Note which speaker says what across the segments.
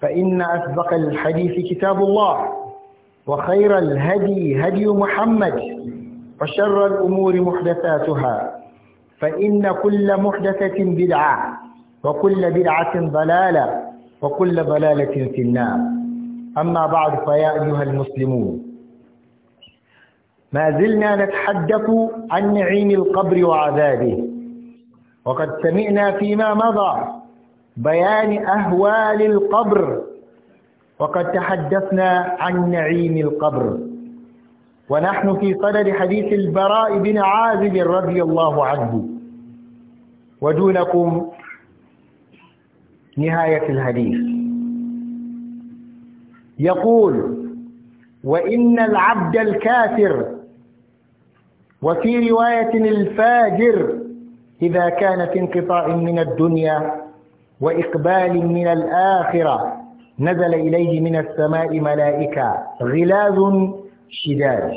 Speaker 1: فإن أسبق الحديث كتاب الله وخير الهدي هدي محمد وشر الأمور محدثاتها فإن كل محدثة بدعة وكل بدعة ضلالة وكل ضلالة في النار أما بعد فيا أيها المسلمون ما زلنا نتحدث عن نعيم القبر وعذابه وقد سمعنا فيما مضى بيان أهوال القبر وقد تحدثنا عن نعيم القبر ونحن في صدد حديث البراء بن عازب رضي الله عنه ودونكم نهاية الحديث يقول وإن العبد الكافر وفي رواية الفاجر إذا كان في انقطاع من الدنيا وإقبال من الآخرة نزل إليه من السماء ملائكة غلاظ شداد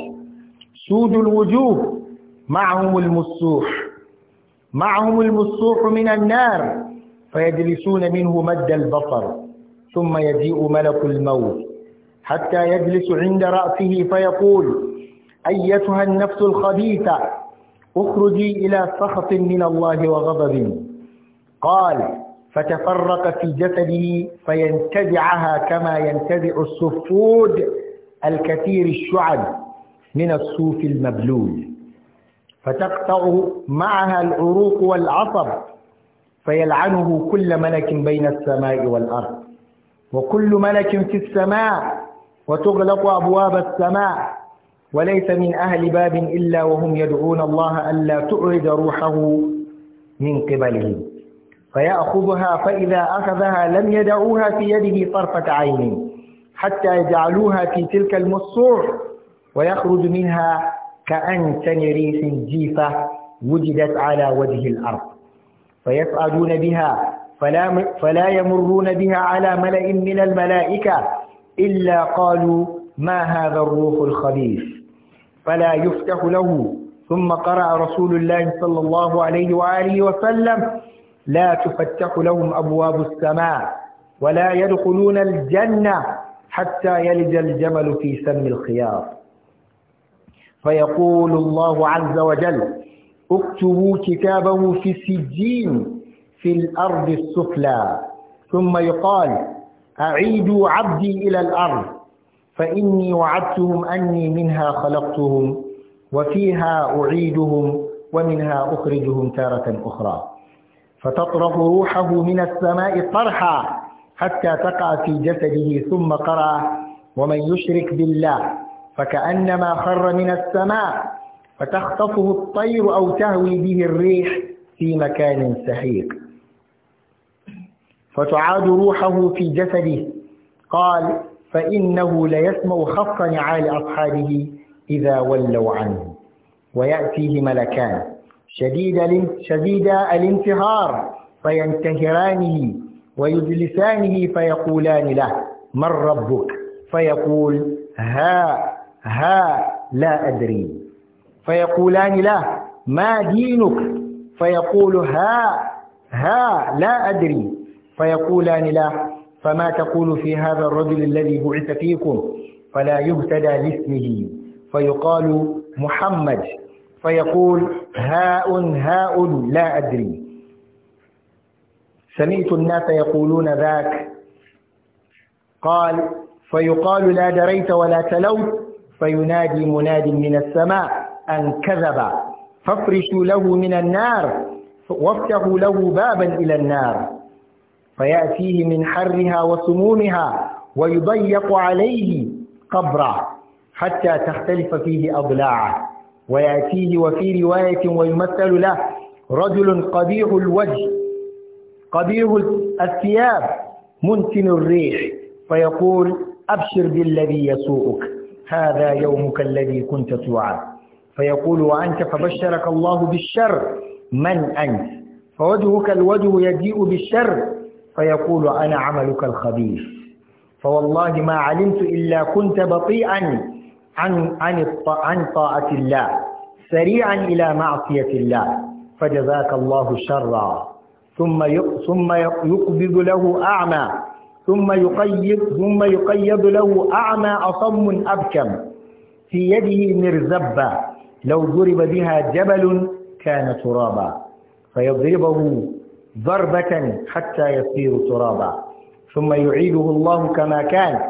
Speaker 1: سود الوجوه معهم المسوح معهم المسوح من النار فيجلسون منه مد البصر ثم يجيء ملك الموت حتى يجلس عند رأسه فيقول أيتها النفس الخبيثة اخرجي إلى سخط من الله وغضب قال فتفرق في جسده فينتزعها كما ينتزع الصفود الكثير الشعب من الصوف المبلول فتقطع معها العروق والعصب فيلعنه كل ملك بين السماء والأرض وكل ملك في السماء وتغلق أبواب السماء وليس من أهل باب إلا وهم يدعون الله ألا تعرج روحه من قبلهم فيأخذها فإذا أخذها لم يدعوها في يده طرفة عين حتى يجعلوها في تلك المصوع ويخرج منها كأنسن ريح جيفة وجدت على وجه الأرض فيصعدون بها فلا, فلا يمرون بها على ملئ من الملائكة إلا قالوا ما هذا الروح الخبيث فلا يفتح له ثم قرأ رسول الله صلى الله عليه وآله وسلم لا تفتح لهم أبواب السماء ولا يدخلون الجنة حتى يلج الجمل في سم الخيار فيقول الله عز وجل اكتبوا كتابه في السجين في الأرض السفلى ثم يقال أعيدوا عبدي إلى الأرض فإني وعدتهم أني منها خلقتهم وفيها أعيدهم ومنها أخرجهم تارة أخرى فتطرق روحه من السماء طرحا حتى تقع في جسده ثم قرأ ومن يشرك بالله فكأنما خر من السماء فتخطفه الطير أو تهوي به الريح في مكان سحيق فتعاد روحه في جسده قال فإنه ليسمع خف نعال أصحابه إذا ولوا عنه ويأتيه ملكان شديد شديد الانتهار فينتهرانه ويجلسانه فيقولان له من ربك فيقول ها ها لا أدري فيقولان له ما دينك فيقول ها ها لا أدري فيقولان له فما تقول في هذا الرجل الذي بعث فيكم فلا يهتدى لاسمه فيقال محمد فيقول هاء هاء لا أدري سمعت الناس يقولون ذاك قال فيقال لا دريت ولا تلوت فينادي مناد من السماء أن كذب فافرشوا له من النار وافتحوا له بابا إلى النار فيأتيه من حرها وسمومها ويضيق عليه قبره حتى تختلف فيه أضلاعه ويأتيه وفي رواية ويمثل له رجل قبيح الوجه قبيح الثياب منتن الريح فيقول أبشر بالذي يسوءك هذا يومك الذي كنت توعد فيقول وأنت فبشرك الله بالشر من أنت فوجهك الوجه يجيء بالشر فيقول أنا عملك الخبيث فوالله ما علمت إلا كنت بطيئا عن عن عن طاعة الله سريعا إلى معصية الله فجزاك الله شرا ثم ثم يقبض له أعمى ثم يقيد ثم يقيد له أعمى أصم أبكم في يده مرزبة لو ضرب بها جبل كان ترابا فيضربه ضربة حتى يصير ترابا ثم يعيده الله كما كان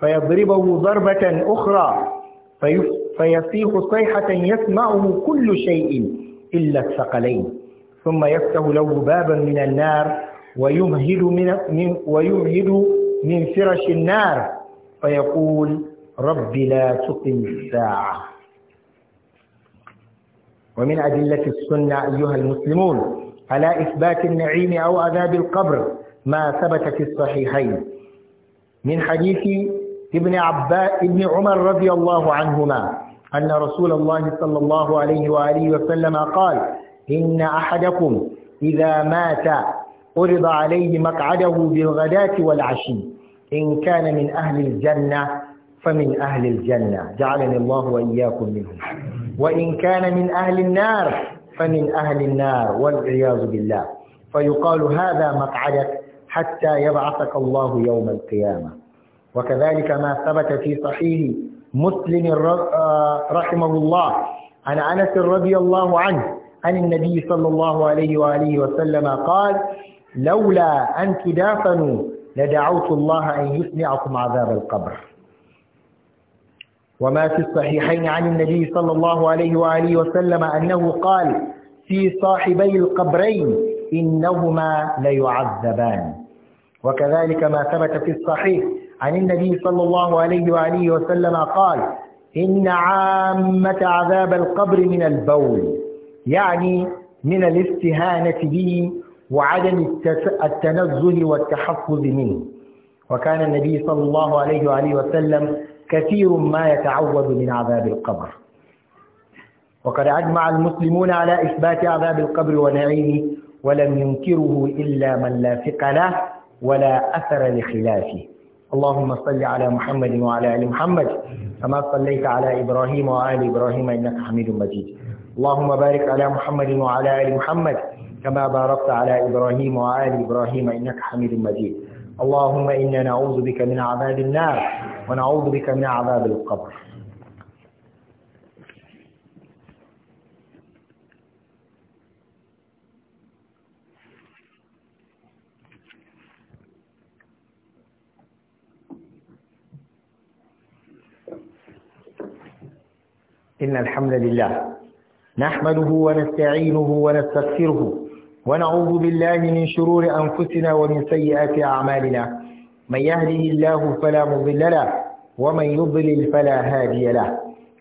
Speaker 1: فيضربه ضربة أخرى فيصيح صيحة يسمعه كل شيء إلا الثقلين ثم يفتح له بابا من النار ويمهد من, من ويمهد من فرش النار فيقول رب لا تقم الساعة ومن أدلة السنة أيها المسلمون على إثبات النعيم أو عذاب القبر ما ثبت في الصحيحين من حديث ابن عباس ابن عمر رضي الله عنهما أن رسول الله صلى الله عليه وآله وسلم قال إن أحدكم إذا مات عرض عليه مقعده بالغداة والعشي إن كان من أهل الجنة فمن أهل الجنة جعلني الله وإياكم منهم وإن كان من أهل النار فمن أهل النار والعياذ بالله فيقال هذا مقعدك حتى يبعثك الله يوم القيامة وكذلك ما ثبت في صحيح مسلم آه، رحمه الله عن أنس رضي الله عنه عن النبي صلى الله عليه وآله وسلم قال لولا أن تدافنوا لدعوت الله أن يسمعكم عذاب القبر وما في الصحيحين عن النبي صلى الله عليه وآله وسلم أنه قال في صاحبي القبرين إنهما ليعذبان وكذلك ما ثبت في الصحيح عن النبي صلى الله عليه وآله وسلم قال إن عامة عذاب القبر من البول يعني من الاستهانة به وعدم التنزه والتحفظ منه وكان النبي صلى الله عليه وآله وسلم كثير ما يتعوذ من عذاب القبر وقد أجمع المسلمون على إثبات عذاب القبر ونعيمه ولم ينكره إلا من لا ثق له ولا أثر لخلافه اللهم صل على محمد وعلى ال محمد كما صليت على ابراهيم وعلى ابراهيم انك حميد مجيد اللهم بارك على محمد وعلى ال محمد كما باركت على ابراهيم وعلى ابراهيم انك حميد مجيد اللهم انا نعوذ بك من عذاب النار ونعوذ بك من عذاب القبر إن الحمد لله نحمده ونستعينه ونستغفره ونعوذ بالله من شرور أنفسنا ومن سيئات أعمالنا من يهده الله فلا مضل له ومن يضلل فلا هادي له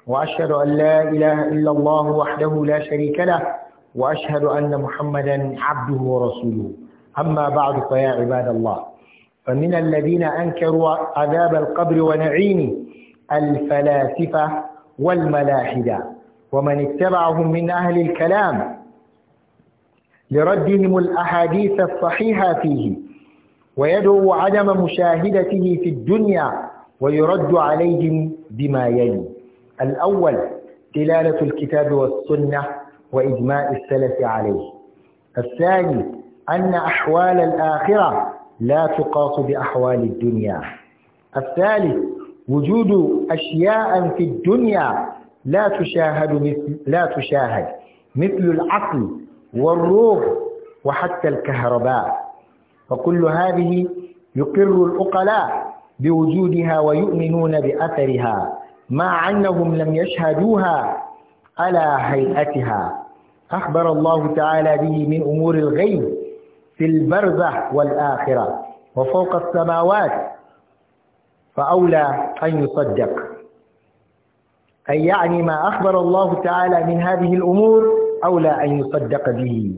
Speaker 1: وأشهد أن لا إله إلا الله وحده لا شريك له وأشهد أن محمدا عبده ورسوله أما بعد فيا عباد الله فمن الذين أنكروا عذاب القبر ونعيمه الفلاسفة والملاحدة ومن اتبعهم من أهل الكلام لردهم الأحاديث الصحيحة فيه ويدعو عدم مشاهدته في الدنيا ويرد عليهم بما يلي الأول دلالة الكتاب والسنة وإجماع السلف عليه الثاني أن أحوال الآخرة لا تقاس بأحوال الدنيا الثالث وجود أشياء في الدنيا لا تشاهد مثل لا تشاهد مثل العقل والروح وحتى الكهرباء فكل هذه يقر الأقلاء بوجودها ويؤمنون بأثرها مع أنهم لم يشهدوها على هيئتها أخبر الله تعالى به من أمور الغيب في البرزة والآخرة وفوق السماوات فأولى أن يصدق أي يعني ما أخبر الله تعالى من هذه الأمور أولى أن يصدق به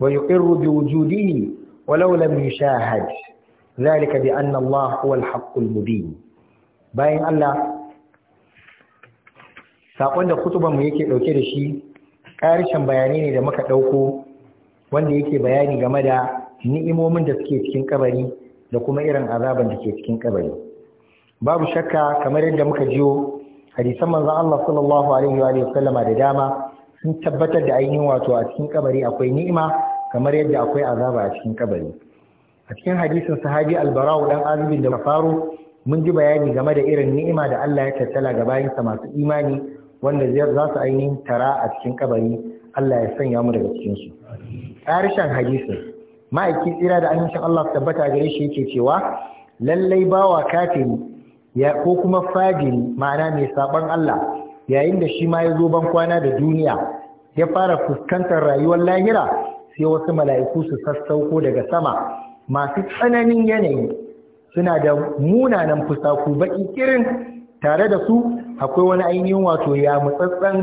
Speaker 1: ويقر بوجوده ولو لم يشاهد ذلك بأن الله هو الحق المبين باين الله saƙon da kutubanmu yake ɗauke da shi ƙarishin bayanai ne da muka ɗauko wanda yake bayani game da ni'imomin da suke cikin kabari da kuma irin azaban da ke cikin kabari babu shakka kamar yadda muka jiyo hadisan manzon Allah sallallahu alaihi wa sallama da dama sun tabbatar da ainihin wato a cikin kabari akwai ni'ima kamar yadda akwai azaba a cikin kabari a cikin hadisin sahabi albarau dan azubin da faru mun ji bayani game da irin ni'ima da Allah ya tattala ga bayansa masu imani wanda za su ainihin tara a cikin kabari Allah ya sanya mu daga cikin su ƙarshen hadisin ma'aikin tsira da amincin Allah tabbata gare shi yake cewa lallai bawa kafiri ya ko kuma fajiri ma'ana mai sabon Allah yayin da shi ma ya zo bankwana da duniya ya fara fuskantar rayuwar lahira sai wasu mala'iku su sassauko daga sama masu tsananin yanayi suna da munanan fusaku baki kirin tare da su akwai wani ainihin wato ya mutsatsan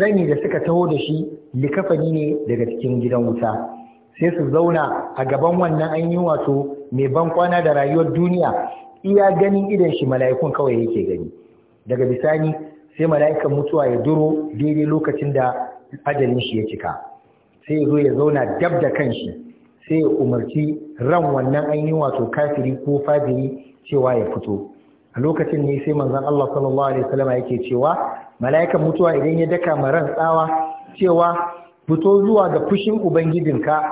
Speaker 1: zani da suka taho da shi likafani ne daga cikin gidan wuta sai su zauna a gaban wannan ainihin wato mai bankwana da rayuwar duniya iya ganin idan shi mala'ikun kawai yake gani daga bisani sai mala'ikan mutuwa ya duro daidai lokacin da ajalin shi ya cika sai ya zo ya zauna dab da kanshi sai ya umarci ran wannan ainihin wato kafiri ko fajiri cewa ya fito a lokacin ne sai manzon Allah sallallahu alaihi wasallam yake cewa mala'ikan mutuwa idan ya daka ma ran tsawa cewa fito zuwa ga fushin ubangijinka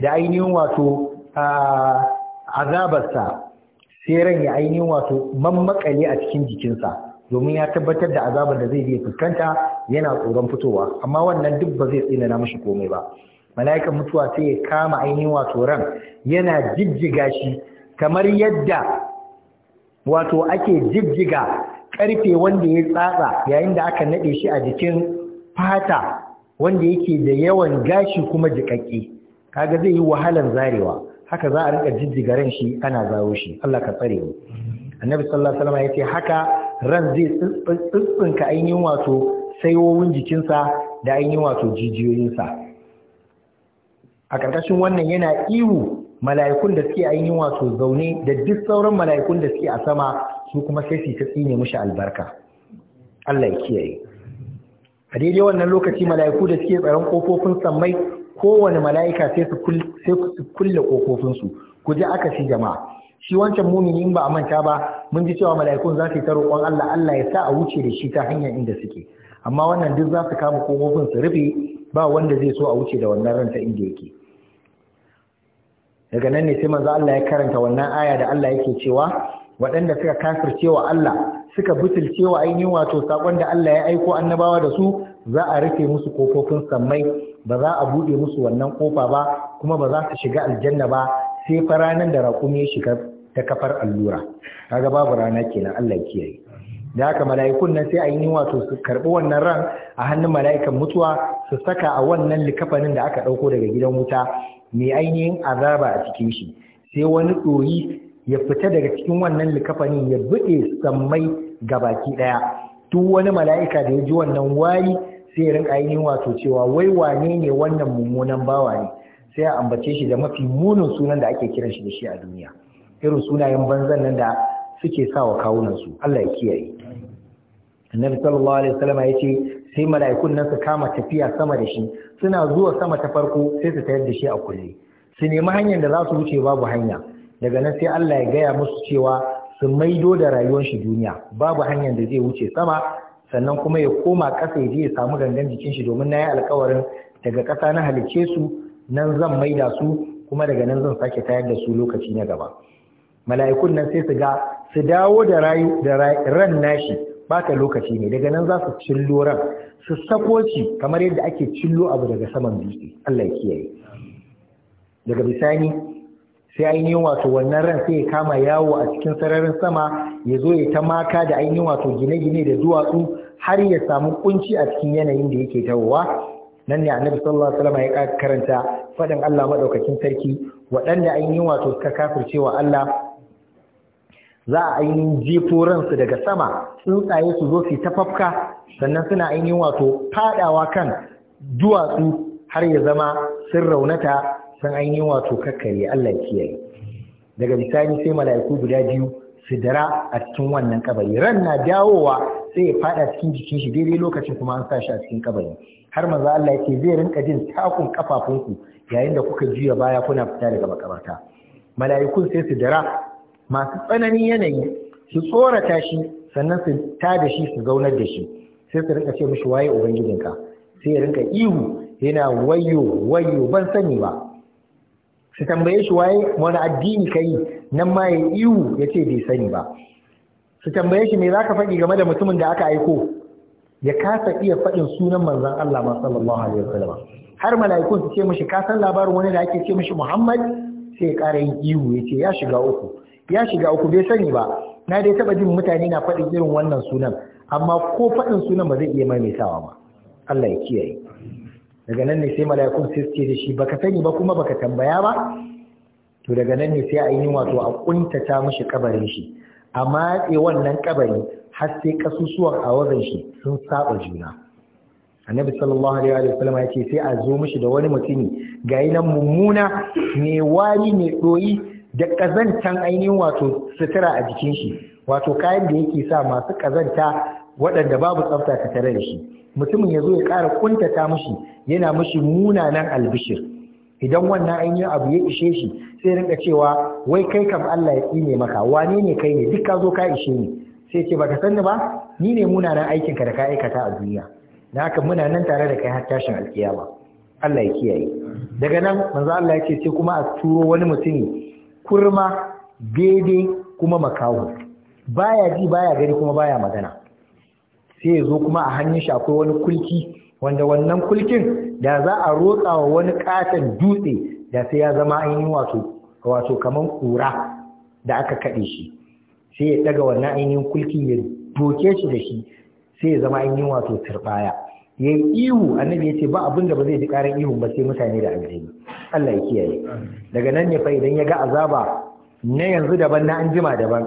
Speaker 1: da ainihin wato ah, azabarsa sai ran ya ainihin wato mammakale a cikin jikinsa domin ya tabbatar da azabar da zai biya fuskanta yana tsoron fitowa amma wannan duk ba zai tsina na mashi komai ba mala'ikan mutuwa sai ya kama ainihin wato ran yana jijjiga shi kamar yadda wato ake jijjiga karfe wanda ya tsatsa yayin da aka nade shi a jikin fata wanda yake da yawan gashi kuma jiƙaƙƙe, kaga zai yi wahalan zarewa haka za a rika jijjiga ran shi ana zawo shi Allah ka tsare mu annabi sallallahu alaihi wasallam yace haka ran zai tsintsinka ainihin wato saiwowin jikinsa da ainihin wato jijiyoyinsa a ƙarƙashin wannan yana ihu mala'ikun da suke ainihin wato zaune da duk sauran mala'ikun da suke a sama su kuma sai su ta tsine mushi albarka Allah ya kiyaye a daidai wannan lokaci mala'iku da suke tsaron kofofin sammai kowane mala'ika sai su kulle ƙofofinsu ku ji aka shi jama'a shi wancan muni in ba a manta ba mun ji cewa mala'ikun za su yi ta roƙon Allah Allah ya sa a wuce da shi ta hanyar inda suke amma wannan duk za su kama kofofin su rufe ba wanda zai so a wuce da wannan ranta inda yake daga nan ne sai manzo Allah ya karanta wannan aya da Allah yake cewa waɗanda suka kafircewa Allah suka butulcewa ainihin wato sakon da Allah ya aiko annabawa da su za a rufe musu kofofin sammai ba za a buɗe musu wannan kofa ba kuma ba za su shiga aljanna ba sai fa ranar da raƙumi ya shiga ta kafar allura kaga babu rana kenan Allah ya kiyaye da haka mala'ikun nan sai a yi wato su karɓi wannan ran a hannun mala'ikan mutuwa su saka a wannan likafanin da aka ɗauko daga gidan wuta mai ainihin azaba a cikin shi sai wani ɗoyi ya fita daga cikin wannan likafanin ya buɗe sammai gabaki baki ɗaya duk wani mala'ika da ya ji wannan wayi sai ya rinka ainihin wato cewa wai wane ne wannan mummunan bawa ne sai a ambace shi da mafi munin sunan da ake kiran shi da shi a duniya irin sunayen banzan nan da suke sa wa kawunan su Allah ya kiyaye annabi sallallahu alaihi wasallam ya ce sai mala'ikun nan su kama tafiya sama da shi suna zuwa sama ta farko sai su tayar da shi a kulle su nemi hanyar da za su wuce babu hanya daga nan sai Allah ya gaya musu cewa su maido da rayuwar shi duniya babu hanyar da zai wuce sama sannan kuma ya koma ƙasa ya je ya samu gangan jikin shi domin na yi alkawarin daga ƙasa na halicce su nan zan maida su kuma daga nan zan sake tayar da su lokaci na gaba mala'ikun nan sai su ga su dawo da ran nashi bata lokaci ne daga nan za su cillo ran su sako shi kamar yadda ake cillo abu daga saman dutse Allah ya kiyaye daga bisani sai ainihin wato wannan ran sai ya kama yawo a cikin sararin sama ya zo ya ta maka da ainihin wato gine-gine da duwatsu har ya samu kunci a cikin yanayin da yake tawowa nan ne annabi sallallahu alaihi wasallam ya karanta fadin Allah madaukakin sarki waɗanda ainihin wato suka kafircewa Allah za a ainihin jefo ransu daga sama tsuntsaye su zo su ta fafka sannan suna ainihin wato fadawa kan duwatsu har ya zama sun raunata san an yi wato kakkare Allah kiyaye daga bisani sai mala'iku guda biyu su dara a cikin wannan kabari ran na dawowa sai ya fada cikin jikin shi daidai lokacin kuma an sa shi a cikin kabari har manzo Allah yake zai rinka jin takun kafafunku yayin da kuka juya baya kuna fita daga makabarta mala'ikun sai su dara masu tsananin yanayi su tsorata shi sannan su da shi su zaunar da shi sai su rinka ce mishi waye ubangijinka sai ya rinka ihu yana wayo wayo ban sani ba su tambaye shi waye wani addini ka yi nan ma ya ihu ya ce bai sani ba su tambaye shi me za ka faɗi game da mutumin da aka aiko ya kasa iya faɗin sunan manzan Allah ma sallallahu alaihi wasallam har mala'ikun su ce mishi ka san labarin wani da ake ce mishi Muhammad sai ya ƙara yin ihu ya ce ya shiga uku ya shiga uku bai sani ba na dai taba jin mutane na faɗin irin wannan sunan amma ko faɗin sunan ba zai iya maimaitawa ba Allah ya kiyaye daga nan ne sai mala'ikun sai suke da shi baka sani ba kuma baka tambaya ba to daga nan ne sai a yi wato a kuntata mishi kabarin shi a matse wannan kabari har sai kasusuwan a wajen shi sun saba juna annabi sallallahu alaihi wa sallam ya ce sai a zo mishi da wani mutumi gayi nan mummuna mai wari mai doyi da kazantan ainihin wato sutura a jikin shi wato kayan da yake sa masu kazanta waɗanda babu tsafta ta tare da shi mutumin ya zo ya ƙara kuntata mushi yana mishi munanan albishir idan wannan ainihin abu ya ishe shi sai rinka cewa wai kai kam Allah ya tsine maka wane ne kai ne duk ka zo ka ishe ni sai ce baka sani ba ni ne munanan aikin ka da ka aikata a duniya na haka muna nan tare da kai har tashin alkiyama Allah ya kiyaye daga nan manzo Allah ya ce sai kuma a turo wani mutumi kurma daidai kuma makaho baya ji baya gani kuma baya magana sai ya zo kuma a hannun shi akwai wani kulki wanda wannan kulkin da za a rotsa wa wani katon dutse da sai ya zama ainihin wato wato kamar kura da aka kaɗe shi sai ya daga wannan ainihin kulkin ya doke shi da shi sai ya zama ainihin wato turbaya ya yi ihu annabi ya ce ba abin da ba zai ji karin ihu ba sai mutane da aljihu Allah ya kiyaye daga nan ne fa idan ya ga azaba na yanzu daban na anjima daban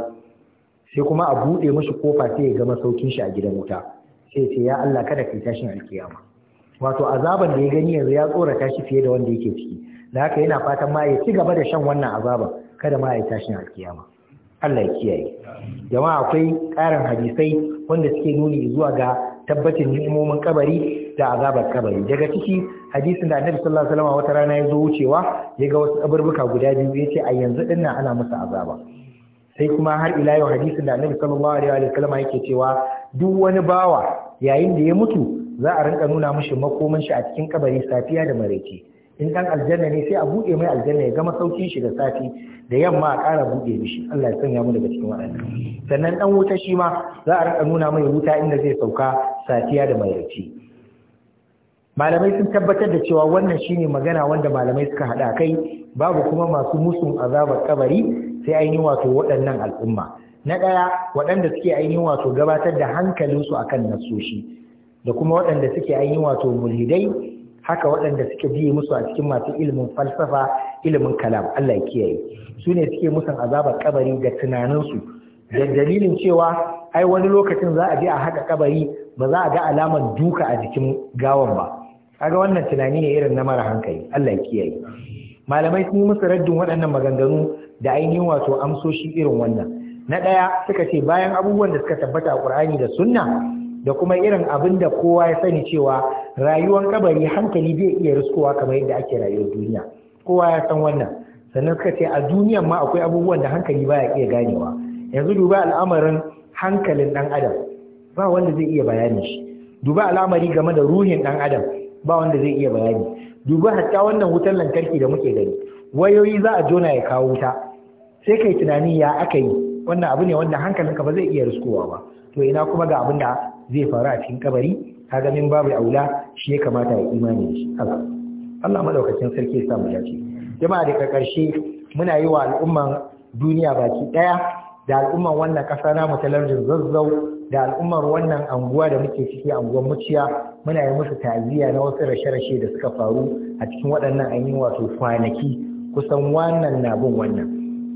Speaker 1: sai kuma a buɗe mashi kofa sai ya ga masaukin shi a gidan wuta sai ce ya Allah kada ka yi tashin alkiyama wato azaban da ya gani yanzu ya tsorata shi fiye da wanda yake ciki da haka yana fatan ma ya ci gaba da shan wannan azaban kada ma ya tashin alkiyama Allah ya kiyaye jama'a akwai ƙarin hadisai wanda suke nuni zuwa ga tabbacin ni'imomin kabari da azabar kabari daga ciki hadisin da annabi sallallahu alaihi wasallam wata rana ya zo wucewa ya ga wasu kaburbuka guda biyu ya ce a yanzu dinnan ana musu azaba sai kuma har ila yau hadisin da annabi sallallahu alaihi wa sallam yake cewa duk wani bawa yayin da ya mutu za a rinka nuna mishi makoman shi a cikin kabari safiya da maraice in dan aljanna ne sai a buɗe mai aljanna ya gama saukin shi da safi da yamma a ƙara buɗe mishi Allah ya sanya mu daga cikin waɗannan sannan dan wuta shi ma za a rinka nuna mai wuta inda zai sauka safiya da maraice malamai sun tabbatar da cewa wannan shine magana wanda malamai suka haɗa kai babu kuma masu musun azabar kabari sai ainihin wato waɗannan al'umma na ɗaya waɗanda suke ainihin wato gabatar da hankalinsu akan nasoshi da kuma waɗanda suke ainihin wato mulhidai haka waɗanda suke biye musu a cikin masu ilimin falsafa ilimin kalam Allah ya kiyaye su ne suke musan azabar kabari da tunaninsu da dalilin cewa ai wani lokacin za a je a haka kabari ba za a ga alamar duka a jikin gawan ba kaga wannan tunani ne irin na mara hankali Allah ya kiyaye malamai sun yi musu raddin waɗannan maganganu da ainihin wato amsoshi irin wannan na ɗaya suka ce bayan abubuwan da suka tabbata a ƙur'ani da sunna da kuma irin abin da kowa ya sani cewa rayuwar kabari hankali bai iya riskowa kamar yadda ake rayuwar duniya kowa ya san wannan sannan suka ce a duniyan ma akwai abubuwan da hankali baya iya ganewa yanzu duba al'amarin hankalin ɗan adam ba wanda zai iya bayani shi duba al'amari game da ruhin ɗan adam ba wanda zai iya bayani dubi hatta wannan wutar lantarki da muke gani wayoyi za a jona ya kawo wuta sai kai tunani ya aka yi wannan abu ne wanda hankalinka ba zai iya riskowa ba to ina kuma ga abin da zai faru a cikin kabari ga min babu aula shi ya kamata ya imani da shi Allah Allah madaukakin sarki ya sa mu dace jama'a daga karshe muna yi wa al'umman duniya baki daya da al'ummar wannan ƙasa na mu talarjin zazzau da al'ummar wannan anguwa da muke ciki anguwar muciya muna yi musu ta'aziyya na wasu rashe-rashe da suka faru a cikin waɗannan an yi wato kwanaki kusan wannan na bin wannan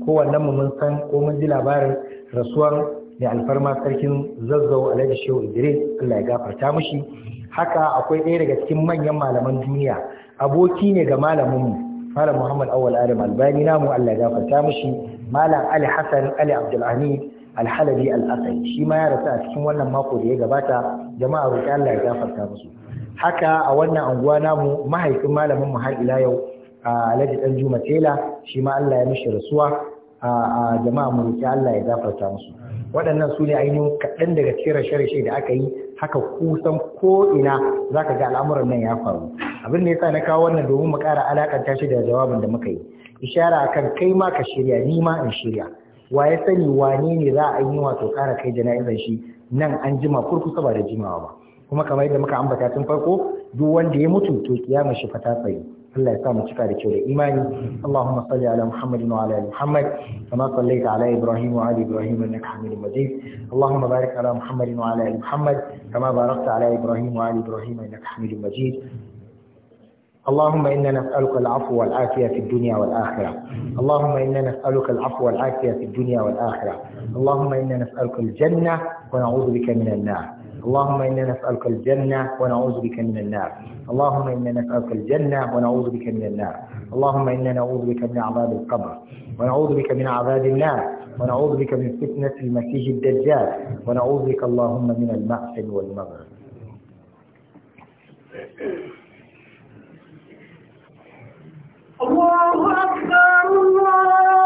Speaker 1: kowannen mu mun san ko mun ji labarin rasuwar da alfarma sarkin zazzau alhaji shehu idris allah ya gafarta mushi haka akwai ɗaya daga cikin manyan malaman duniya aboki ne ga malamin mu malam muhammad awal adam albani namu allah ya gafarta mushi malam ali hassan ali abdulhani alhalabi al'asai shi ma ya rasu a cikin wannan mako da ya gabata jama'a roƙi Allah ya gafarta musu haka a wannan anguwa namu mahaifin malamin mu har ila yau Alhaji Dan Juma Tela shi ma Allah ya mishi rasuwa a jama'a mu roƙi Allah ya gafarta musu waɗannan su ne ainihin kaɗan daga cikin rashe-rashe da aka yi haka kusan ko'ina, zaka za ka ga al'amuran nan ya faru abin da ya sa na kawo wannan domin mu ƙara alaƙanta shi da jawabin da muka yi ishara akan kai ma ka shirya ni ma in shirya wa ya sani wane ne za a yi wato kara kai jana'izar shi nan an jima kurkusa ba da jimawa ba kuma kamar yadda muka ambata tun farko duk wanda ya mutu to kiyama shi fata tsaye Allah ya sa mu cika da kyau da imani Allahumma salli ala Muhammad wa ala ali Muhammad kama sallaita ala Ibrahim wa ali Ibrahim innaka Hamidum Majid Allahumma barik ala Muhammad wa ala ali Muhammad kama barakta ala Ibrahim wa ali Ibrahim innaka Hamidum Majid اللهم إنا نسألك العفو والعافية في الدنيا والآخرة اللهم إنا نسألك العفو والعافية في الدنيا والآخرة اللهم إنا نسألك الجنة ونعوذ بك من النار اللهم إنا نسألك الجنة ونعوذ بك من النار اللهم إنا نسألك الجنة ونعوذ بك من النار اللهم إنا نعوذ بك من عذاب القبر ونعوذ بك من عذاب النار ونعوذ بك من فتنة المسيح الدجال ونعوذ بك اللهم من المأثم والمغرب الله أكبر الله